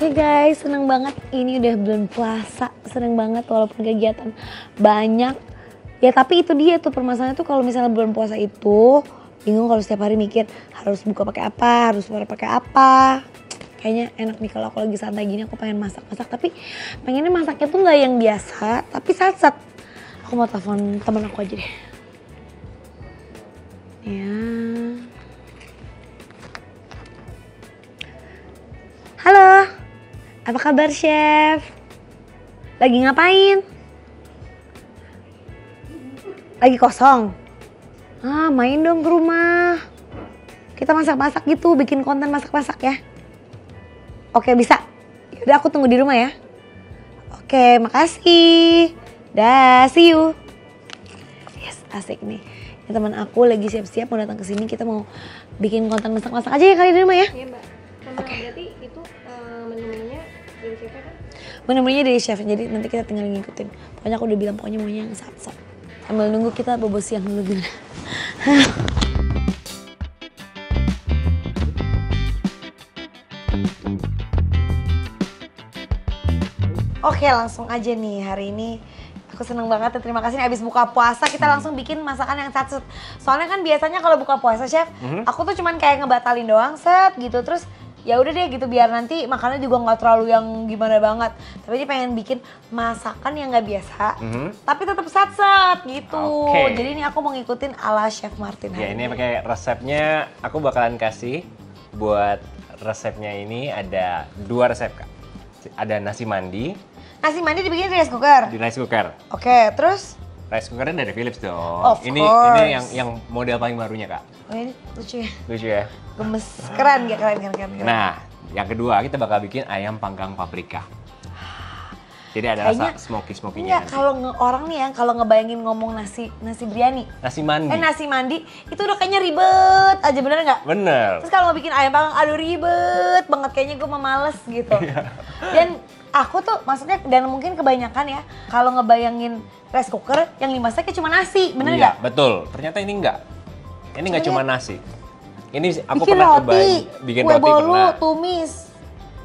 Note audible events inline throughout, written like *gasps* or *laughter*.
Oke okay guys, seneng banget ini udah bulan puasa, seneng banget walaupun kegiatan banyak. Ya tapi itu dia tuh permasalahannya tuh kalau misalnya bulan puasa itu bingung kalau setiap hari mikir harus buka pakai apa, harus buka pakai apa. Kayaknya enak nih kalau aku lagi santai gini aku pengen masak-masak tapi pengennya masaknya tuh nggak yang biasa tapi sat-sat. Aku mau telepon teman aku aja deh. Ya. Halo. Apa kabar, Chef? Lagi ngapain? Lagi kosong? Ah, main dong ke rumah. Kita masak-masak gitu, bikin konten masak-masak ya. Oke, bisa. udah aku tunggu di rumah ya. Oke, makasih. Dah, see you. Yes, asik nih. Ya, teman aku lagi siap-siap mau datang ke sini. Kita mau bikin konten masak-masak aja ya kali di rumah ya. Iya, Mbak. Oke. Okay menemunya dari chef jadi nanti kita tinggal ngikutin pokoknya aku udah bilang pokoknya maunya yang sap sap sambil nunggu kita bobo siang dulu gimana *laughs* Oke langsung aja nih hari ini aku seneng banget dan terima kasih nih abis buka puasa kita hmm. langsung bikin masakan yang satu soalnya kan biasanya kalau buka puasa chef mm -hmm. aku tuh cuman kayak ngebatalin doang set gitu terus ya udah deh gitu biar nanti makannya juga nggak terlalu yang gimana banget tapi dia pengen bikin masakan yang nggak biasa mm -hmm. tapi tetap sat-sat gitu okay. jadi ini aku mau ngikutin ala chef Martin ya ini pakai resepnya aku bakalan kasih buat resepnya ini ada dua resep kak ada nasi mandi nasi mandi dibikin di rice cooker di rice cooker oke okay, terus rice cookernya dari Philips dong of ini course. ini yang yang model paling barunya kak Oh, ini lucu ya. Lucu ya. Gemes. Keren gak keren, keren, keren, keren. Nah, yang kedua kita bakal bikin ayam panggang paprika. Jadi ada Kayaknya, rasa smoky smoky nya. kalau nge, orang nih ya kalau ngebayangin ngomong nasi nasi biryani. Nasi mandi. Eh nasi mandi itu udah kayaknya ribet aja bener nggak? Bener. Terus kalau mau bikin ayam panggang, aduh ribet banget kayaknya gue males gitu. Iya. Dan aku tuh maksudnya dan mungkin kebanyakan ya kalau ngebayangin rice cooker yang dimasaknya cuma nasi, bener iya, nggak? Iya, betul. Ternyata ini enggak ini nggak cuma nasi. Ini aku bikin pernah coba bikin roti bolu, pernah. tumis,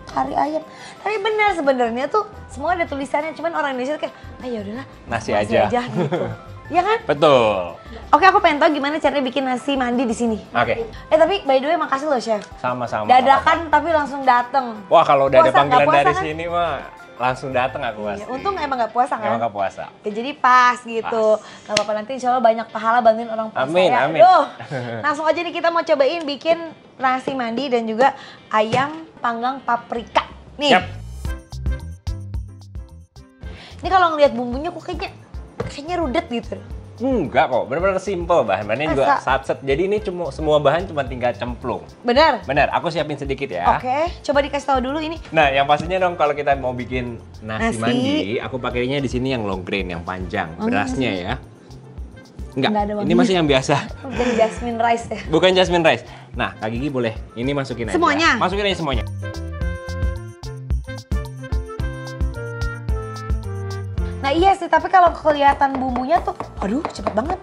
kari ayam. Tapi benar sebenarnya tuh semua ada tulisannya, cuman orang Indonesia tuh kayak, ayo ah, ya udahlah nasi, nasi aja. aja gitu. *laughs* Iya kan? Betul. Oke, aku pengen tahu gimana caranya bikin nasi mandi di sini. Oke. Okay. Eh tapi by the way makasih loh chef. Sama-sama. Dadakan apa -apa. tapi langsung dateng. Wah kalau udah ada panggilan dari kan? sini mah langsung datang aku pasti. Iya, untung emang gak puasa kan? Emang gak puasa. Oke, ya, jadi pas gitu. Pas. Gak apa-apa nanti insya Allah banyak pahala bantuin orang puasa amin, ya. Amin, Aduh, *laughs* langsung aja nih kita mau cobain bikin nasi mandi dan juga ayam panggang paprika. Nih. Yep. Ini kalau ngeliat bumbunya kok kayaknya kayaknya rudet gitu. Enggak kok, benar-benar simple bahan-bahannya juga satset. Jadi ini cuma semua bahan cuma tinggal cemplung. Benar. Benar, aku siapin sedikit ya. Oke, coba dikasih tahu dulu ini. Nah, yang pastinya dong kalau kita mau bikin nasi, nasi. mandi, aku pakainya di sini yang long grain yang panjang, oh, berasnya ya. Enggak, Enggak ada ini masih yang biasa. *laughs* Bukan jasmine rice ya. Bukan jasmine rice. Nah, Kak Gigi boleh ini masukin semuanya. aja. Semuanya. Masukin aja semuanya. Nah iya sih, tapi kalau kelihatan bumbunya tuh, aduh cepet banget.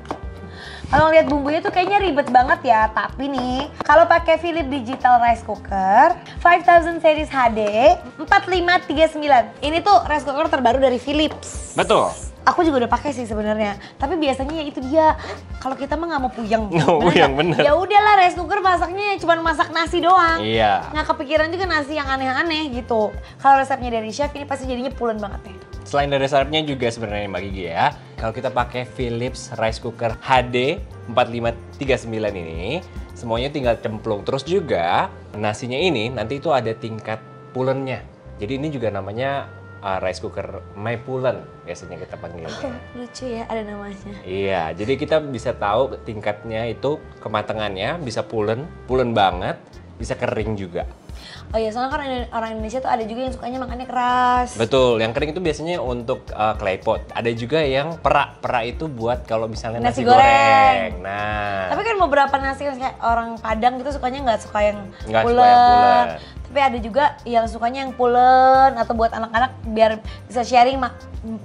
Kalau lihat bumbunya tuh kayaknya ribet banget ya, tapi nih kalau pakai Philips Digital Rice Cooker 5000 series HD 4539. Ini tuh rice cooker terbaru dari Philips. Betul. Aku juga udah pakai sih sebenarnya, tapi biasanya ya itu dia kalau kita mah nggak mau puyeng. Nggak nah, puyeng bener. Ya udahlah rice cooker masaknya cuma masak nasi doang. Iya. Nggak kepikiran juga nasi yang aneh-aneh gitu. Kalau resepnya dari chef ini pasti jadinya pulen banget ya. Selain dari sarapnya juga sebenarnya Mbak Gigi ya, kalau kita pakai Philips Rice Cooker HD 4539 ini, semuanya tinggal cemplung. Terus juga nasinya ini nanti itu ada tingkat pulennya. Jadi ini juga namanya uh, rice cooker my pulen biasanya kita panggilnya. Oh, lucu ya ada namanya. Iya, jadi kita bisa tahu tingkatnya itu kematangannya bisa pulen, pulen banget, bisa kering juga oh iya, soalnya kan orang Indonesia tuh ada juga yang sukanya makannya keras betul yang kering itu biasanya untuk uh, eh, claypot. ada juga yang perak perak itu buat kalau misalnya nasi, nasi goreng. goreng nah tapi kan beberapa nasi kayak orang Padang gitu sukanya nggak suka yang nggak tapi ada juga yang sukanya yang pulen atau buat anak-anak biar bisa sharing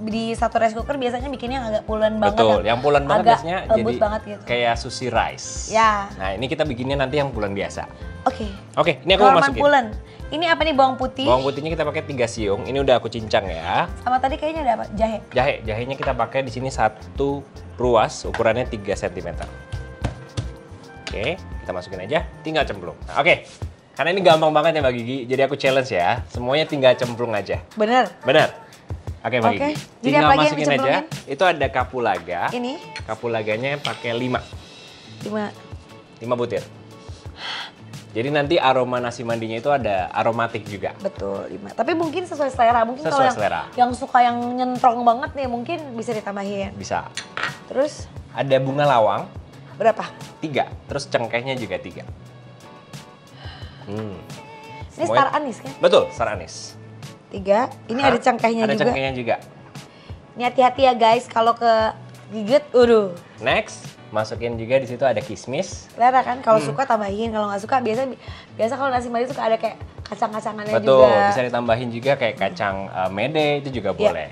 di satu rice cooker biasanya bikinnya agak pulen banget. Betul, yang, pulen banget agak biasanya jadi banget gitu. kayak sushi rice. Ya. Nah, ini kita bikinnya nanti yang pulen biasa. Oke. Okay. Oke, okay, ini aku Norman masukin. pulen. Ini apa nih bawang putih? Bawang putihnya kita pakai tiga siung. Ini udah aku cincang ya. Sama tadi kayaknya ada apa? Jahe. Jahe. Jahenya kita pakai di sini satu ruas, ukurannya 3 cm. Oke, kita masukin aja. Tinggal cemplung. Nah, oke. Okay. Karena ini gampang banget ya Mbak Gigi. Jadi aku challenge ya. Semuanya tinggal cemplung aja. Bener. Bener. Oke, Mbak Oke. Gigi. Jadi tinggal masukin aja. Itu ada kapulaga. Ini. Kapulaganya pakai lima. Lima. Lima butir. Jadi nanti aroma nasi mandinya itu ada aromatik juga. Betul, lima. Tapi mungkin sesuai selera. Mungkin sesuai kalau yang, yang suka yang nyentrong banget nih mungkin bisa ditambahin. Bisa. Terus? Ada bunga lawang. Berapa? Tiga. Terus cengkehnya juga tiga. Hmm. Ini Semuanya... star anis kan? Betul, star anis. Tiga. Ini Hah? ada cangkehnya ada juga. Ada cangkehnya juga. Ini hati-hati ya guys kalau ke gigit, uruh. Next, masukin juga di situ ada kismis. Lera kan kalau hmm. suka tambahin, kalau nggak suka biasa biasa kalau nasi madu suka ada kayak kacang-kacangannya juga. Betul, bisa ditambahin juga kayak kacang uh, mede itu juga iya. boleh.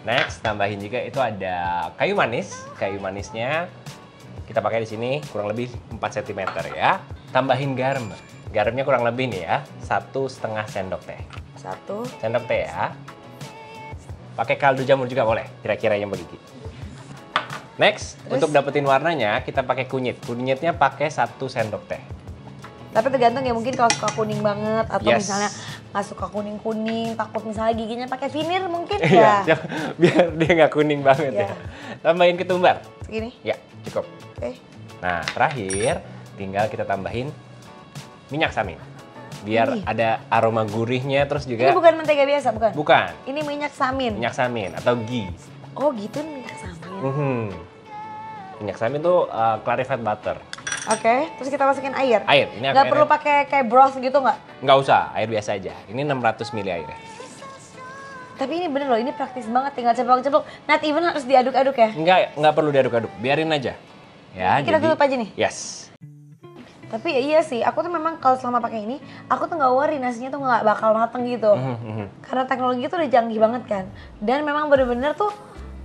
Next, tambahin juga itu ada kayu manis. Kayu manisnya kita pakai di sini kurang lebih 4 cm ya. Tambahin garam. Garamnya kurang lebih nih ya, satu setengah sendok teh. Satu. Sendok teh ya. Pakai kaldu jamur juga boleh, kira-kira yang begini Next, Terus? untuk dapetin warnanya kita pakai kunyit. Kunyitnya pakai satu sendok teh. Tapi tergantung ya mungkin kalau suka kuning banget atau yes. misalnya nggak suka kuning kuning, takut misalnya giginya pakai vinir mungkin *laughs* iya, ya. Iya, biar dia nggak kuning banget yeah. ya. Iya. Tambahin ketumbar. Segini? Ya, cukup. Eh. Okay. Nah, terakhir tinggal kita tambahin minyak samin biar Ih. ada aroma gurihnya terus juga ini bukan mentega biasa bukan bukan ini minyak samin minyak samin atau ghee oh gitu minyak samin mm -hmm. minyak samin tuh uh, clarified butter Oke, okay, terus kita masukin air. Air, ini nggak perlu pakai kayak broth gitu nggak? Nggak usah, air biasa aja. Ini 600 ml air Tapi ini bener loh, ini praktis banget. Tinggal cemplung-cemplung Not even harus diaduk-aduk ya? Nggak, nggak perlu diaduk-aduk. Biarin aja. Ya, ini jadi, tutup aja nih. Yes tapi ya iya sih aku tuh memang kalau selama pakai ini aku tuh nggak worry nasinya tuh nggak bakal mateng gitu mm-hmm. karena teknologi tuh udah canggih banget kan dan memang bener-bener tuh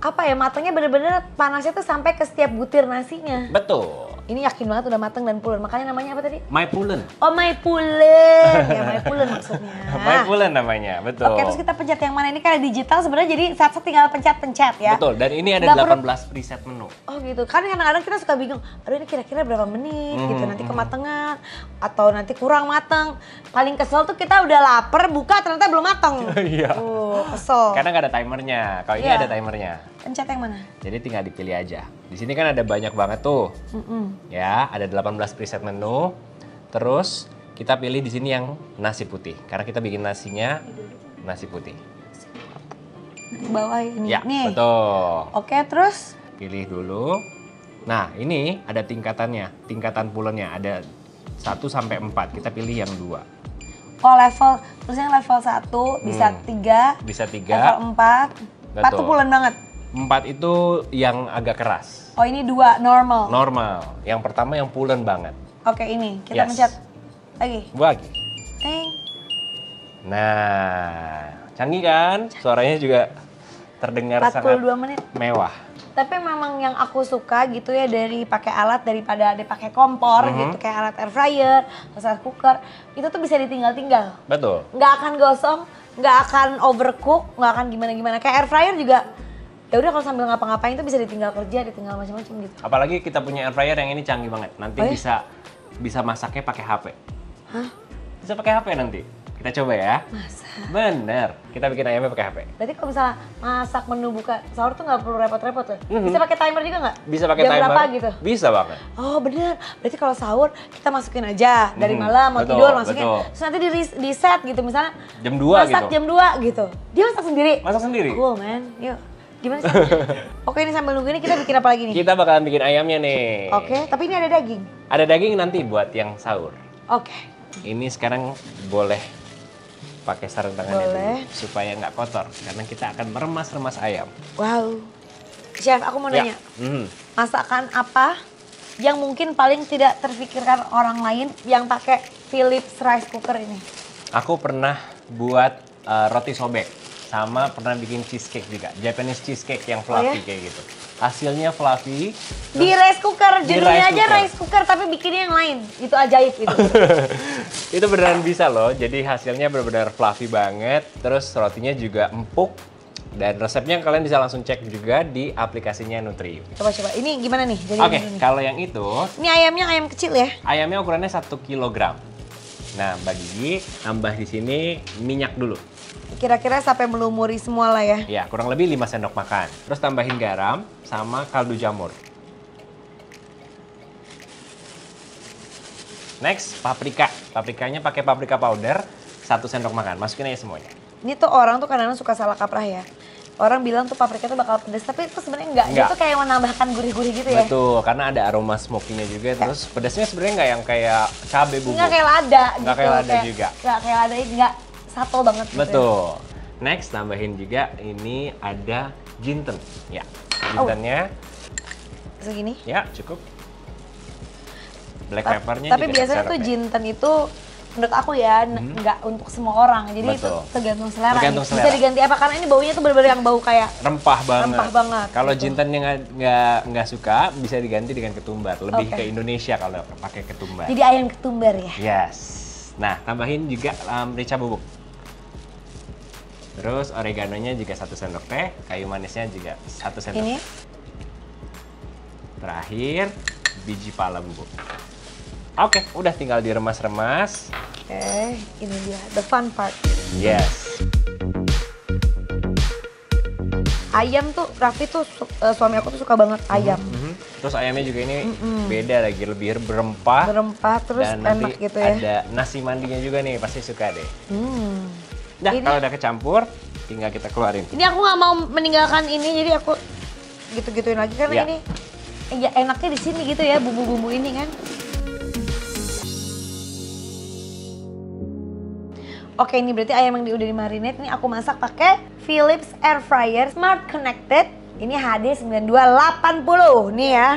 apa ya matangnya bener-bener panasnya tuh sampai ke setiap butir nasinya betul ini yakin banget udah mateng dan pulen. Makanya namanya apa tadi? My pulen. Oh, my pulen. ya, my pulen maksudnya. *laughs* my pulen namanya, betul. Oke, terus kita pencet yang mana ini karena digital sebenarnya jadi saat tinggal pencet-pencet ya. Betul, dan ini ada delapan belas perlu... preset menu. Oh, gitu. Kan kadang-kadang kita suka bingung, aduh ini kira-kira berapa menit gitu hmm, nanti hmm. kematangan atau nanti kurang mateng. Paling kesel tuh kita udah lapar, buka ternyata belum mateng. *laughs* Iya. uh, kesel. Karena nggak ada timernya. Kalau ini iya. ada timernya. Pencet yang mana? Jadi tinggal dipilih aja. Di sini kan ada banyak banget tuh. Mm -mm. Ya, ada 18 preset menu. Terus kita pilih di sini yang nasi putih karena kita bikin nasinya nasi putih. Di bawah ini. Ya, Nih. betul. Oke, terus pilih dulu. Nah, ini ada tingkatannya, tingkatan pulennya ada 1 sampai 4. Kita pilih yang 2. Oh, level terus yang level 1 bisa hmm. 3, bisa 3. Level 4. Betul. 4 tuh pulen banget. Empat itu yang agak keras. Oh ini dua normal. Normal. Yang pertama yang pulen banget. Oke ini kita yes. mencet lagi. Lagi. Teng. Nah, canggih kan? Suaranya juga terdengar 42 sangat menit. mewah. Tapi memang yang aku suka gitu ya dari pakai alat daripada ada pakai kompor mm -hmm. gitu kayak alat air fryer, air cooker, itu tuh bisa ditinggal-tinggal. Betul. Nggak akan gosong, nggak akan overcook, nggak akan gimana-gimana. Kayak air fryer juga ya udah kalau sambil ngapa-ngapain tuh bisa ditinggal kerja, ditinggal macam-macam gitu. Apalagi kita punya air fryer yang ini canggih banget. Nanti oh, iya? bisa bisa masaknya pakai HP. Hah? Bisa pakai HP nanti. Kita coba ya. Masak. Bener. Kita bikin ayamnya pakai HP. Berarti kalau misalnya masak menu buka sahur tuh nggak perlu repot-repot ya? Mm-hmm. Bisa pakai timer juga nggak? Bisa pakai timer. berapa gitu? Bisa banget. Oh bener. Berarti kalau sahur kita masukin aja dari mm, malam mau betul, tidur masukin. Betul. Terus nanti di, di set gitu misalnya. Jam dua masak gitu. Masak jam dua gitu. Dia masak sendiri. Masak sendiri. Cool man. Yuk. Gimana sih? *laughs* Oke, ini sambil nunggu ini kita bikin apa lagi nih? Kita bakalan bikin ayamnya nih. Oke, okay, tapi ini ada daging. Ada daging nanti buat yang sahur. Oke. Okay. Ini sekarang boleh pakai sarung tangan boleh. dulu supaya nggak kotor karena kita akan meremas-remas ayam. Wow. Chef, aku mau ya. nanya. Ya. Mm. Masakan apa yang mungkin paling tidak terpikirkan orang lain yang pakai Philips rice cooker ini? Aku pernah buat uh, roti sobek sama pernah bikin cheesecake juga. Japanese cheesecake yang fluffy oh, ya? kayak gitu. Hasilnya fluffy. Di rice cooker, judulnya rice aja cooker. rice cooker tapi bikinnya yang lain. Itu ajaib itu. *laughs* itu beneran bisa loh. Jadi hasilnya benar-benar fluffy banget. Terus rotinya juga empuk. Dan resepnya kalian bisa langsung cek juga di aplikasinya Nutri. Coba coba, ini gimana nih? Oke, okay, kalau yang itu. Ini ayamnya ayam kecil ya? Ayamnya ukurannya 1 kg. Nah, bagi tambah di sini minyak dulu kira-kira sampai melumuri semua lah ya. Ya, kurang lebih 5 sendok makan. Terus tambahin garam sama kaldu jamur. Next, paprika. Paprikanya pakai paprika powder, satu sendok makan. Masukin aja semuanya. Ini tuh orang tuh kadang-kadang suka salah kaprah ya. Orang bilang tuh paprika tuh bakal pedes, tapi itu sebenarnya enggak. enggak. Itu kayak menambahkan gurih-gurih gitu ya. Betul, karena ada aroma smokinya juga. Ya. Terus pedesnya sebenarnya enggak yang kayak cabe bubuk. Enggak kayak lada enggak gitu. Kayak lada kayak, juga. Enggak kayak lada, enggak satu banget gitu ya. Betul. Ya. Next, tambahin juga ini ada jinten. Ya, oh. jintennya. Oh. Segini? Ya, cukup. Black Ta peppernya Tapi biasanya tuh jinten itu menurut aku ya hmm. nggak untuk semua orang jadi betul. itu tergantung selera, tergantung selera bisa diganti apa karena ini baunya tuh benar yang bau kayak rempah banget rempah banget kalau gitu. jinten yang nggak nggak suka bisa diganti dengan ketumbar lebih okay. ke Indonesia kalau pakai ketumbar jadi ayam ketumbar ya yes nah tambahin juga um, bubuk Terus oreganonya juga satu sendok teh, kayu manisnya juga satu sendok. Ini. Terakhir biji palem bu. Oke, udah tinggal diremas-remas. Oke, eh, ini dia the fun part. Yes. Ayam tuh Raffi tuh su uh, suami aku tuh suka banget mhm, ayam. Mm -hmm. Terus ayamnya juga ini mm -hmm. beda lagi, lebih berempah. Berempah terus dan enak nanti gitu ya. Ada nasi mandinya juga nih, pasti suka deh. Hmm. Dah, ini... kalau udah kecampur, tinggal kita keluarin. Ini aku nggak mau meninggalkan ini, jadi aku gitu-gituin lagi karena ya. ini ya enaknya di sini gitu ya bumbu-bumbu ini kan. Oke, ini berarti ayam yang di, udah dimarinate ini aku masak pakai Philips air fryer Smart Connected. Ini HD 9280 nih ya.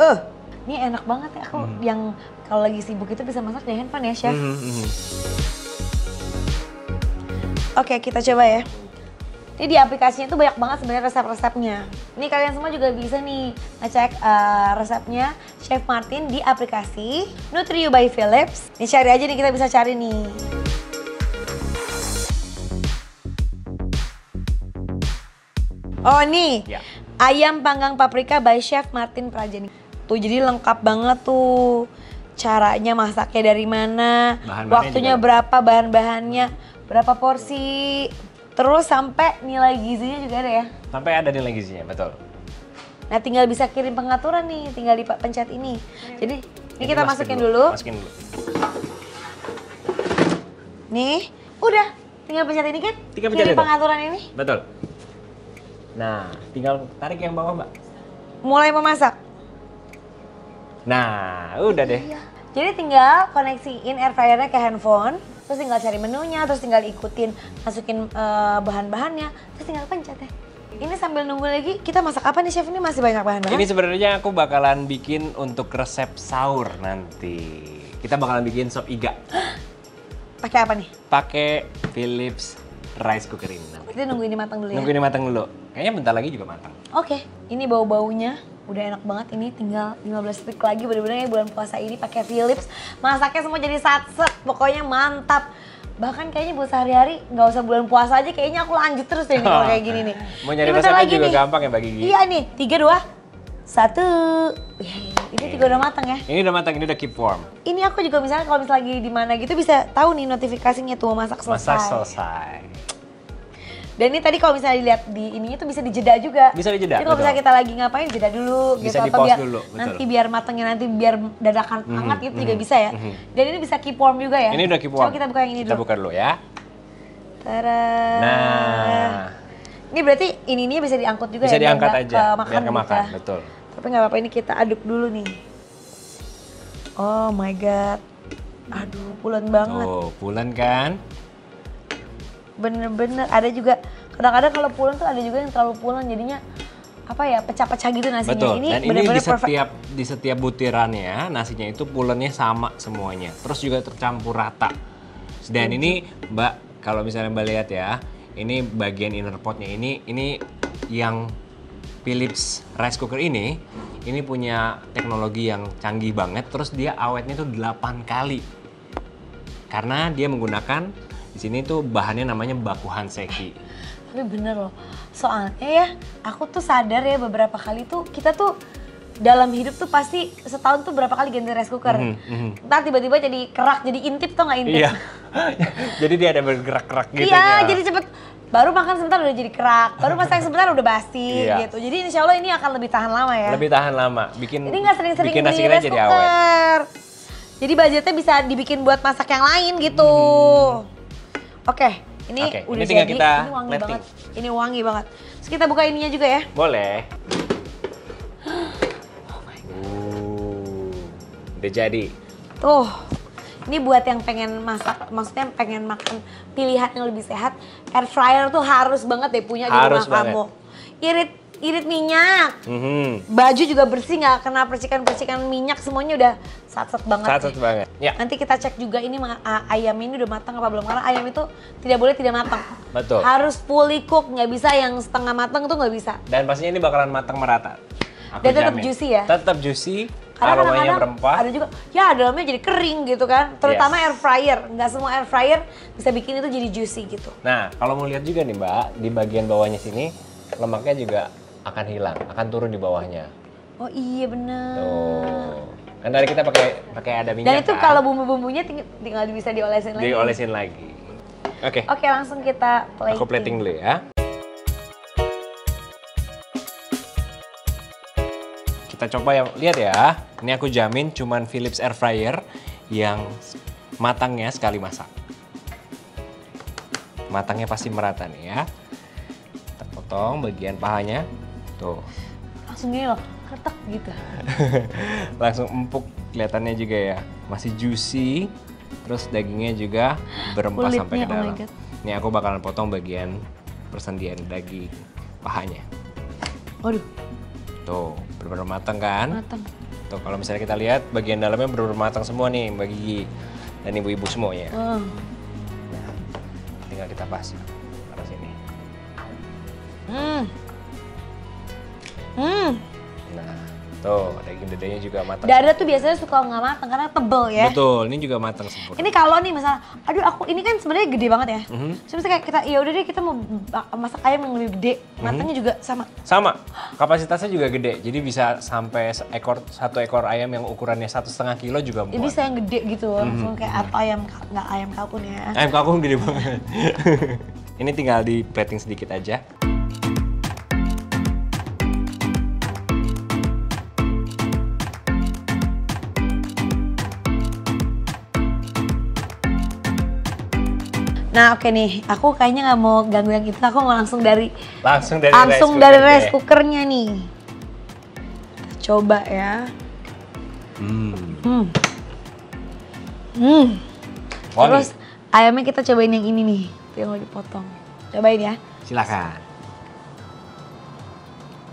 Eh, uh, ini enak banget ya aku hmm. yang kalau lagi sibuk itu bisa masak di handphone ya, Chef. Hmm, hmm, hmm. Oke, kita coba ya. Ini di aplikasinya itu banyak banget sebenarnya resep-resepnya. Ini kalian semua juga bisa nih ngecek uh, resepnya Chef Martin di aplikasi Nutriu by Philips. Ini cari aja nih kita bisa cari nih. Oh nih, ya. ayam panggang paprika by Chef Martin Prajani. Tuh jadi lengkap banget tuh caranya masaknya dari mana, bahan waktunya juga. berapa bahan-bahannya. Hmm berapa porsi terus sampai nilai gizinya juga ada ya sampai ada nilai gizinya betul nah tinggal bisa kirim pengaturan nih tinggal di pencet ini iya. jadi ini, Jadi kita masukin, masukin dulu. dulu masukin dulu nih udah tinggal pencet ini kan tinggal pencet kirim pengaturan ini betul nah tinggal tarik yang bawah mbak mulai memasak nah udah deh iya. jadi tinggal koneksiin air fryernya ke handphone terus tinggal cari menunya terus tinggal ikutin masukin uh, bahan-bahannya terus tinggal pencet ya ini sambil nunggu lagi kita masak apa nih chef ini masih banyak bahan-bahan ini sebenarnya aku bakalan bikin untuk resep sahur nanti kita bakalan bikin sop iga *gasps* pakai apa nih pakai Philips rice cooker ini nanti. kita nunggu ini matang dulu ya nunggu ini matang dulu kayaknya bentar lagi juga matang oke okay. ini bau baunya udah enak banget ini tinggal 15 detik lagi bener-bener ya bulan puasa ini pakai Philips masaknya semua jadi satset pokoknya mantap bahkan kayaknya buat sehari-hari nggak usah bulan puasa aja kayaknya aku lanjut terus deh nih kalau kayak gini nih *laughs* mau nyari resepnya juga nih. gampang ya bagi gini iya nih tiga dua satu ini tiga udah matang ya ini udah matang ini udah keep warm ini aku juga misalnya kalau misalnya lagi di mana gitu bisa tahu nih notifikasinya tuh masak selesai masak selesai dan ini tadi kalau misalnya dilihat di ini itu bisa dijeda juga. Bisa dijeda. Jadi kalau misalnya kita lagi ngapain jeda dulu gitu, bisa gitu apa biar dulu, nanti biar matangnya nanti biar dadakan mm -hmm, hangat gitu mm -hmm, juga mhm, bisa ya. Mm -hmm. Dan ini bisa keep warm juga ya. Ini udah keep warm. Coba kita buka yang ini dulu. Kita buka dulu ya. Tara. Nah. Ini berarti ini ini bisa diangkut juga bisa ya. Bisa diangkat aja. Ke makan biar kemakan, juga. betul. Tapi nggak apa-apa ini kita aduk dulu nih. Oh my god. Aduh, pulen banget. Oh, pulen kan? bener-bener ada juga kadang-kadang kalau pulang tuh ada juga yang terlalu pulang jadinya apa ya pecah-pecah gitu nasinya Betul. ini dan bener -bener ini di setiap perfect. di setiap butirannya nasinya itu pulennya sama semuanya terus juga tercampur rata dan hmm. ini mbak kalau misalnya mbak lihat ya ini bagian inner potnya ini ini yang Philips rice cooker ini ini punya teknologi yang canggih banget terus dia awetnya itu 8 kali karena dia menggunakan di sini tuh bahannya namanya baku hanseki. Tapi bener loh, soalnya ya aku tuh sadar ya beberapa kali tuh kita tuh dalam hidup tuh pasti setahun tuh berapa kali ganti rice cooker. Mm -hmm. Ntar tiba-tiba jadi kerak, jadi intip tau nggak intip? Iya. *laughs* jadi dia ada bergerak-gerak gitu. Iya, ya. jadi cepet. Baru makan sebentar udah jadi kerak, baru masak sebentar udah basi iya. gitu. Jadi insya Allah ini akan lebih tahan lama ya. Lebih tahan lama, bikin. Jadi nggak sering-sering beli rice cooker. Jadi, awet. jadi budgetnya bisa dibikin buat masak yang lain gitu. Hmm. Oke, okay, ini okay, udah ini tinggal jadi. Kita ini wangi banget. Ini wangi banget. Terus kita buka ininya juga ya. Boleh. *gasps* Oh uh, udah jadi. Tuh. Ini buat yang pengen masak, maksudnya pengen makan pilihan yang lebih sehat, air fryer tuh harus banget deh punya harus di rumah banget. kamu. Irit irit minyak. Mm -hmm. Baju juga bersih nggak kena percikan-percikan minyak semuanya udah Satset banget. Satset banget. Ya. Nanti kita cek juga ini ayam ini udah matang apa belum karena ayam itu tidak boleh tidak matang. Betul. Harus fully cook, nggak bisa yang setengah matang tuh nggak bisa. Dan pastinya ini bakalan matang merata. Aku Dan tetap juicy ya. Tetap juicy. Karena aromanya berempah. Ada juga, ya dalamnya jadi kering gitu kan. Terutama yes. air fryer, nggak semua air fryer bisa bikin itu jadi juicy gitu. Nah, kalau mau lihat juga nih Mbak, di bagian bawahnya sini lemaknya juga akan hilang, akan turun di bawahnya. Oh iya benar. Tuh. Kan tadi kita pakai pakai ada minyak. Dan itu kan? kalau bumbu-bumbunya ting tinggal bisa diolesin lagi. Diolesin lagi. Oke. Okay. Oke, okay, langsung kita plating. Aku plating dulu ya. Kita coba ya, lihat ya. Ini aku jamin cuman Philips air fryer yang matangnya sekali masak. Matangnya pasti merata nih ya. Kita potong bagian pahanya. Tuh. Langsung gini loh ketek gitu. *laughs* Langsung empuk kelihatannya juga ya. Masih juicy, terus dagingnya juga berempah Kulitnya, sampai ke oh dalam. Oh Ini aku bakalan potong bagian persendian daging pahanya. Aduh. Tuh, benar-benar matang kan? Matang. Tuh, kalau misalnya kita lihat bagian dalamnya benar-benar matang semua nih bagi Gigi dan ibu-ibu semuanya. Wow. Nah, tinggal kita pas taruh sini. Hmm. Hmm. Tuh, daging gede-gedenya juga matang. Dada tuh biasanya suka nggak matang karena tebel ya. Betul, ini juga matang sempurna. Ini kalau nih misalnya, aduh aku ini kan sebenarnya gede banget ya. Mm -hmm. kayak kita, ya udah deh kita mau masak ayam yang lebih gede, mhm. matangnya mm -hmm. juga sama. Sama, kapasitasnya juga gede, jadi bisa sampai ekor satu ekor ayam yang ukurannya satu setengah kilo juga muat. Ya ini bisa yang gede gitu, mm -hmm. langsung kayak apa ayam nggak ayam kalkun ya. Ayam kalkun gede banget. *laughs* ini tinggal di plating sedikit aja. Nah oke okay nih, aku kayaknya nggak mau ganggu yang itu, aku mau langsung dari langsung dari langsung rice dari rice cookernya nih. Kita coba ya. Hmm. Hmm. hmm. Terus ayamnya kita cobain yang ini nih, yang lagi potong Cobain ya. Silakan.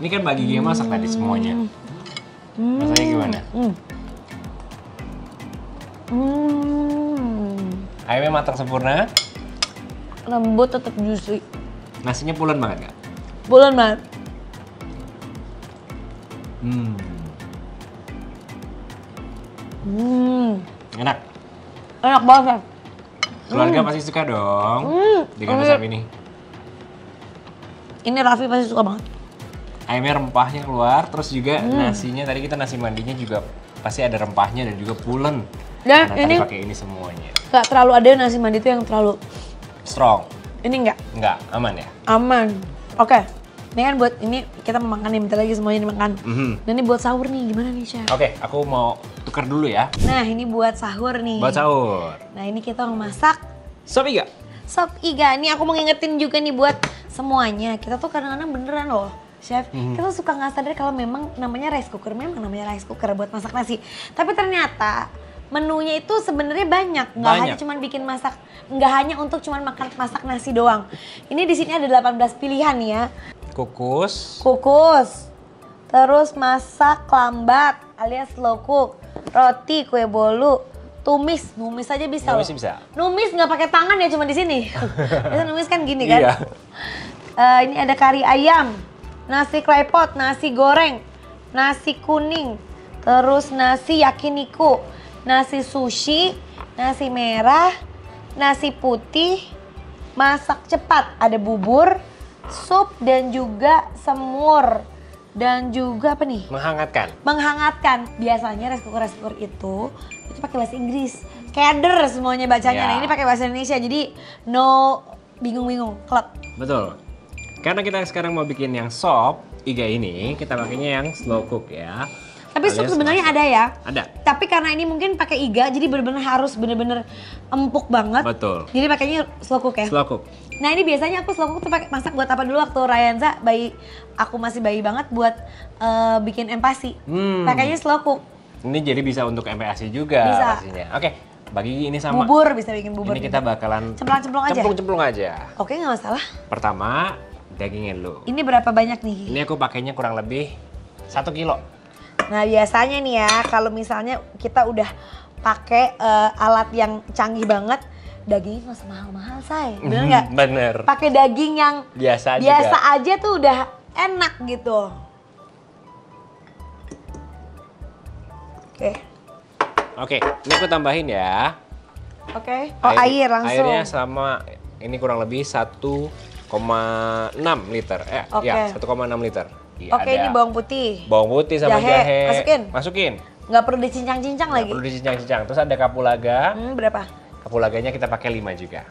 Ini kan bagi dia masak tadi hmm. semuanya. Hmm. Rasanya gimana? Hmm. Hmm. Ayamnya matang sempurna lembut tetap juicy. Nasinya pulen banget nggak? Pulen banget. Hmm. Hmm. Enak. Enak banget. Ya. Keluarga hmm. pasti suka dong hmm. dengan resep ini. Ini Raffi pasti suka banget. Ayamnya rempahnya keluar, terus juga hmm. nasinya tadi kita nasi mandinya juga pasti ada rempahnya dan juga pulen. Dan Karena ini pakai ini semuanya. Gak terlalu ada nasi mandi itu yang terlalu strong. Ini enggak? Enggak, aman ya? Aman. Oke. Okay. Ini kan buat ini kita memakan makan nih, bentar lagi semuanya dimakan. Mm -hmm. Dan ini buat sahur nih, gimana nih chef? Oke, okay, aku mau tukar dulu ya. Nah ini buat sahur nih. Buat sahur. Nah ini kita mau masak. Sop iga. Sop iga. Ini aku mau ngingetin juga nih buat semuanya. Kita tuh kadang-kadang beneran loh chef. Mm hmm. Kita suka nggak sadar kalau memang namanya rice cooker, memang namanya rice cooker buat masak nasi. Tapi ternyata menunya itu sebenarnya banyak nggak hanya cuman bikin masak nggak hanya untuk cuman makan masak nasi doang ini di sini ada 18 pilihan ya kukus kukus terus masak lambat alias slow cook roti kue bolu tumis tumis aja bisa Tumis loh. bisa numis nggak pakai tangan ya cuma di sini *laughs* biasa numis kan gini iya. kan iya. uh, ini ada kari ayam nasi klepot nasi goreng nasi kuning terus nasi yakiniku nasi sushi, nasi merah, nasi putih, masak cepat, ada bubur, sup dan juga semur dan juga apa nih? Menghangatkan. Menghangatkan. Biasanya rice cooker rice cooker itu itu pakai bahasa Inggris. Keder semuanya bacanya. Yeah. Nah, ya. ini pakai bahasa Indonesia. Jadi no bingung-bingung, klep. Betul. Karena kita sekarang mau bikin yang sop, iga ini, kita pakainya yang slow cook ya. Tapi sup sebenarnya ada ya. Ada. Tapi karena ini mungkin pakai iga, jadi benar-benar harus benar-benar empuk banget. Betul. Jadi pakainya slow cook ya. Slow cook. Nah ini biasanya aku slow cook tuh pakai masak buat apa dulu waktu Ryanza bayi aku masih bayi banget buat uh, bikin empasi. Hmm. Pakainya slow cook. Ini jadi bisa untuk empasi juga bisa. pastinya. Oke. Bagi ini sama. Bubur bisa bikin bubur. Ini gitu. kita bakalan cemplung-cemplung aja. Cemplung-cemplung aja. Oke, nggak masalah. Pertama, dagingnya dulu. Ini berapa banyak nih? Ini aku pakainya kurang lebih satu kilo. Nah biasanya nih ya kalau misalnya kita udah pakai uh, alat yang canggih banget daging nggak semahal-mahal say mhm, bener nggak bener pakai daging yang biasa biasa aja tuh udah enak gitu oke oke ini aku tambahin ya oke okay. oh air, air langsung airnya sama ini kurang lebih 1,6 liter eh okay. ya 1,6 liter putih. Iya, oke, ini bawang putih. Bawang putih sama jahe. jahe. Masukin. Masukin. Nggak perlu dicincang-cincang lagi. perlu dicincang-cincang. Terus ada kapulaga. Hmm, berapa? Kapulaganya kita pakai 5 juga.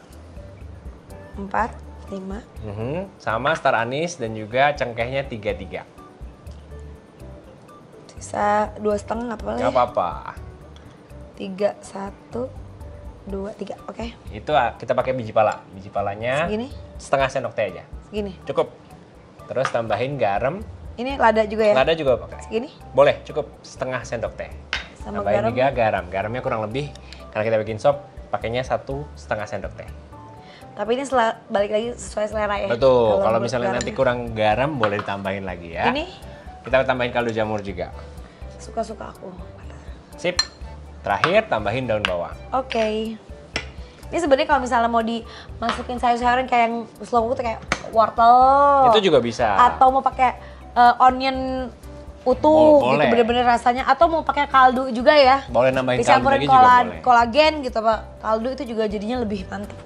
4, 5. Mm -hmm. Sama star anis dan juga cengkehnya 3 tiga. Sisa dua setengah nggak apa-apa. Nggak apa-apa. Tiga satu dua tiga oke okay. itu ah, kita pakai biji pala biji palanya segini setengah sendok teh aja segini cukup terus tambahin garam ini lada juga ya? Lada juga pakai. Segini? Boleh, cukup setengah sendok teh. Sama Nambahin garam? juga ya? garam. Garamnya kurang lebih, karena kita bikin sop, pakainya satu setengah sendok teh. Tapi ini setelah balik lagi sesuai selera ya? Betul, kalau misalnya garam. nanti kurang garam boleh ditambahin lagi ya. Ini? Kita tambahin kaldu jamur juga. Suka-suka aku. Sip, terakhir tambahin daun bawang. Oke. Okay. Ini sebenarnya kalau misalnya mau dimasukin sayur-sayuran kayak yang slow tuh kayak wortel. Itu juga bisa. Atau mau pakai uh, onion utuh oh, gitu bener-bener rasanya atau mau pakai kaldu juga ya boleh nambahin kaldu lagi kola, juga boleh. kolagen gitu pak kaldu itu juga jadinya lebih mantap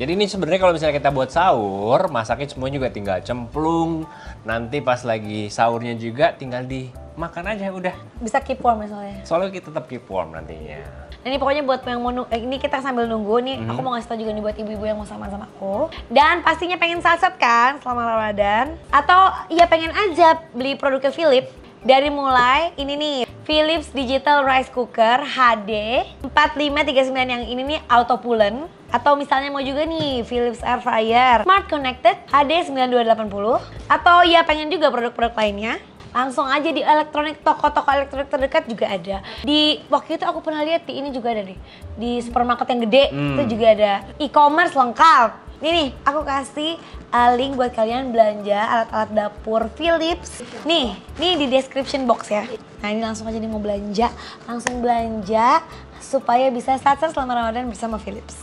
jadi ini sebenarnya kalau misalnya kita buat sahur masaknya semua juga tinggal cemplung nanti pas lagi sahurnya juga tinggal di makan aja udah. Bisa keep warm misalnya ya Soalnya kita tetap keep warm nantinya. Ini pokoknya buat yang mau eh, ini kita sambil nunggu nih, hmm. aku mau ngasih tau juga nih buat ibu-ibu yang mau sama sama aku. Dan pastinya pengen salsat kan selama Ramadan atau ya pengen aja beli produknya Philips dari mulai ini nih Philips Digital Rice Cooker HD 4539 yang ini nih auto pulen atau misalnya mau juga nih Philips Air Fryer Smart Connected HD 9280 atau ya pengen juga produk-produk lainnya langsung aja di elektronik toko-toko elektronik terdekat juga ada di waktu itu aku pernah lihat di ini juga ada nih di supermarket yang gede hmm. itu juga ada e-commerce lengkap Nih nih, aku kasih uh, link buat kalian belanja alat-alat dapur Philips. Nih, nih di description box ya. Nah ini langsung aja nih mau belanja, langsung belanja supaya bisa sukses selama Ramadan bersama Philips.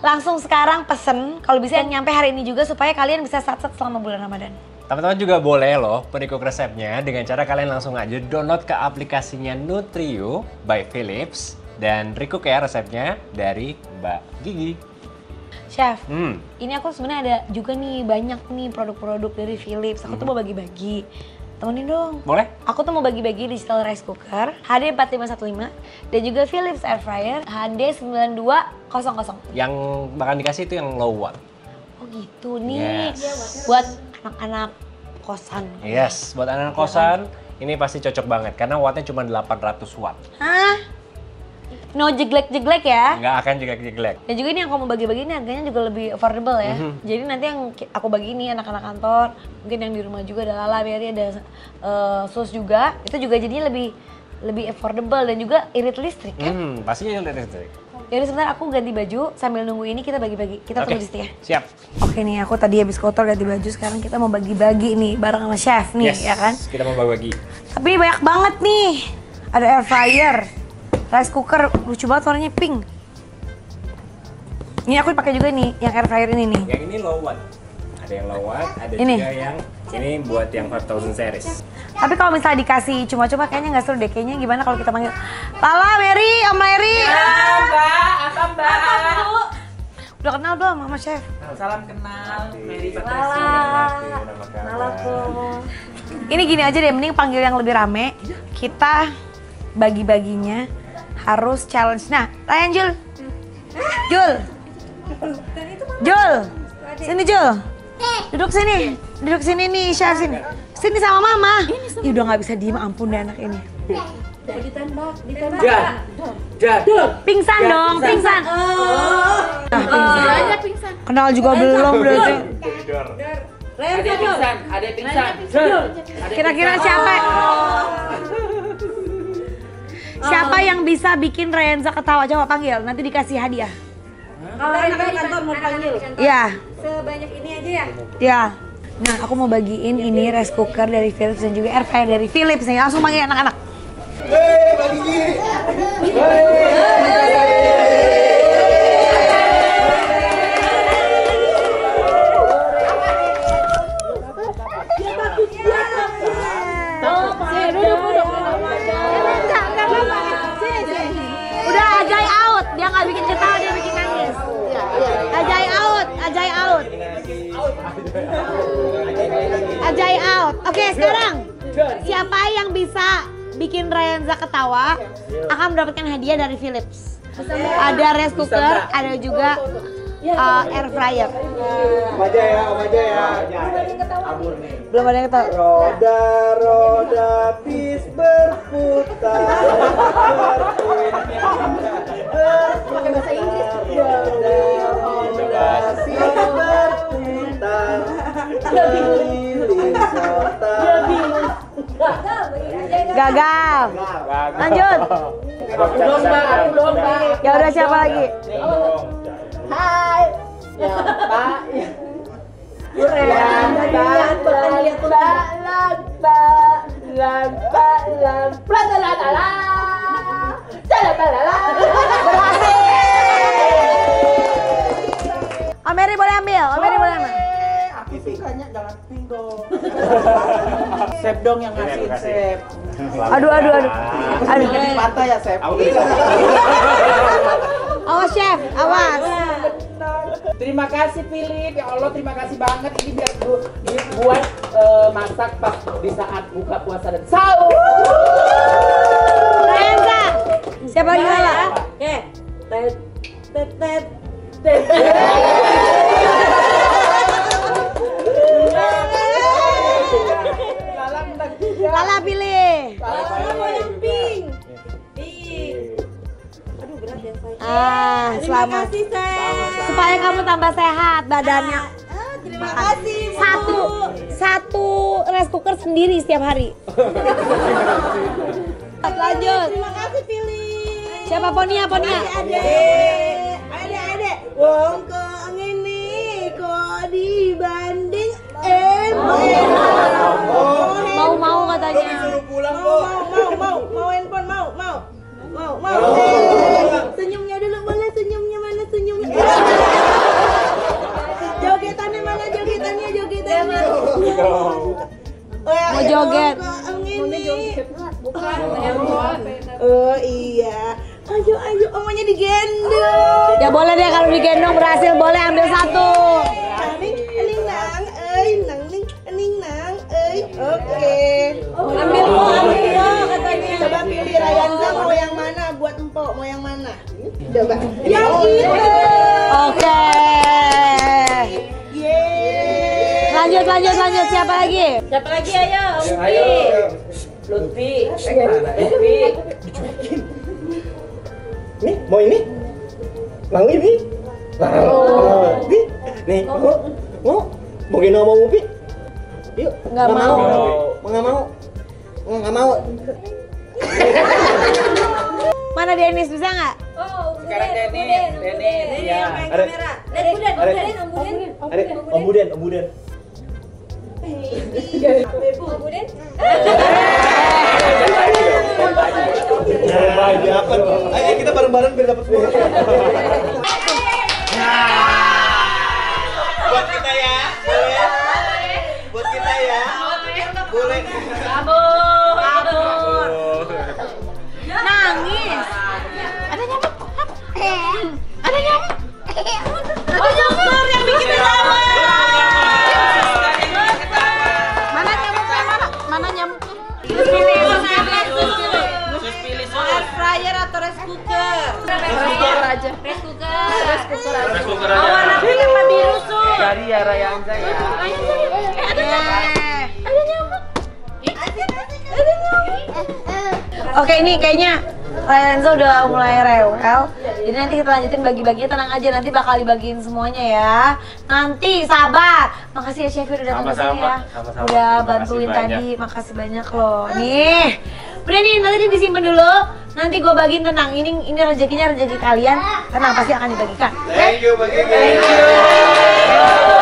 Langsung sekarang pesen, kalau bisa yang nyampe hari ini juga supaya kalian bisa sukses selama bulan Ramadan. Teman-teman juga boleh loh perikuk resepnya dengan cara kalian langsung aja download ke aplikasinya Nutriu by Philips dan recook ya resepnya dari Mbak Gigi. Chef, hmm. ini aku sebenarnya ada juga nih banyak nih produk-produk dari Philips. Aku hmm. tuh mau bagi-bagi. Temenin dong. Boleh. Aku tuh mau bagi-bagi digital rice cooker HD4515 dan juga Philips air fryer HD9200. Yang bakal dikasih itu yang low watt. Oh gitu nih. Yes. Buat anak-anak kosan. Yes, buat anak-anak iya kosan kan? ini pasti cocok banget karena wattnya cuma 800 watt. Hah? No jeglek-jeglek ya? Nggak akan jeglek-jeglek. Dan juga ini yang aku mau bagi-bagi ini harganya juga lebih affordable ya. Mm -hmm. Jadi nanti yang aku bagi ini anak-anak kantor, mungkin yang di rumah juga ada lala, biar ada uh, sus juga. Itu juga jadinya lebih lebih affordable dan juga irit listrik kan? Hmm, pastinya irit listrik. Yaudah sebentar aku ganti baju sambil nunggu ini kita bagi-bagi. Kita okay. tunggu di situ ya. Siap. Oke nih aku tadi habis kotor ganti baju sekarang kita mau bagi-bagi nih bareng sama chef nih yes, ya kan. Kita mau bagi-bagi. Tapi banyak banget nih. Ada air fryer, rice cooker lucu banget warnanya pink. Ini aku pakai juga nih yang air fryer ini nih. Yang ini low one ada yang low ada ini. juga yang ini buat yang 5000 series tapi kalau misalnya dikasih cuma-cuma kayaknya nggak seru deh kayaknya gimana kalau kita panggil Lala Mary Om Mary ya, Mbak apa Mbak Udah kenal belum sama Chef? Salam kenal, Mary Lala, Lala Ini gini aja deh, mending panggil yang lebih rame. Kita bagi-baginya harus challenge. Nah, Ryan Jul. Hmm. Jul. Jul. Sini Jul. Duduk sini, duduk sini nih share ah, sini. Sini sama mama. Ih udah gak bisa diem, ampun deh anak ini. Ditembak, ditembak. Jad, Pingsan dong, oh. nah, pingsan. Kenal juga belum berarti. Ada pingsan, ada pingsan. Kira-kira oh. siapa? *laughs* Siapa oh. yang bisa bikin Renza ketawa? Coba panggil, nanti dikasih hadiah. Kalau anak-anak kantor mau panggil. Iya. Sebanyak ini aja ya? Ya. Nah, aku mau bagiin ini rice cooker dari Philips dan juga air fryer dari Philips nih. Langsung manggil anak-anak. Hei, bagi. Hei. Oke, okay, sekarang siapa yang bisa bikin Ryanza ketawa akan mendapatkan hadiah dari Philips. Ada rice cooker, ada juga iya, uh, iya. air fryer. Om ya, om ya. Belum ada yang ketawa. Roda roda bis berputar. Pakai bahasa Inggris. Roda roda Gagal. Lanjut. Ya udah siapa lagi? Hai. Ya, Pak. Kurang. Bukan lihat Balan, balan, balan. shopping dong. Sep dong yang iya, ngasih Sep. Aduh aduh aduh. Aduh jadi patah ya Sep. Awas chef, awas. Terima kasih Philip, ya Allah terima kasih banget ini biar gue buat uh, eh, masak pas di saat buka puasa dan sahur. Renza, siapa yang nyala? Oke, tet tet tet. Iya. Salah pilih. Salah mau yang pink. Aduh berat ya saya. selamat. Supaya kamu tambah sehat badannya. Ah, ah terima kasih. Satu satu rice cooker sendiri setiap hari. Lanjut. Terima kasih pilih. Siapa Ponia? Ponia. Ada ada ada. Wong ke ngene kok dibanding em. Oh. Mau, mau, mau, mau handphone, mau, mau. Mau, mau. Eh, senyumnya dulu boleh senyumnya mana senyumnya. *laughs* Jogetannya mana jogetannya jogetannya. Mau oh, ya, ya, joget. mau joget. Bukan, oh. oh iya. Ayo, ayo, omanya oh, digendong. Ya boleh deh kalau digendong berhasil boleh ambil satu. oh, Amrio iya, iya, katanya coba pilih oh. Rayanza mau yang mana buat empok mau yang mana coba yang oh, itu oke lanjut lanjut lanjut siapa lagi siapa lagi ayo ya, ayo Lutfi Lutfi dicuekin nih mau ini mau ini mau nih oh. nih mau mau mau gini mau Upi yuk nggak mau kemudian Oh, warna pink sama biru, Su. Dari ya, Raya Anza ya. ada nyamuk. Ada nyamuk. Oke, ini kayaknya Renzo udah mulai rewel. Jadi nanti kita lanjutin bagi-baginya tenang aja nanti bakal dibagiin semuanya ya. Nanti sabar. Makasih ya Chef udah datang ke sini ya. Udah bantuin tadi. Makasih banyak loh. Nih. Udah nih nanti disimpan dulu. Nanti gue bagiin tenang. Ini ini rezekinya rezeki kalian. Tenang pasti akan dibagikan. Thank you, Thank you. Thank you.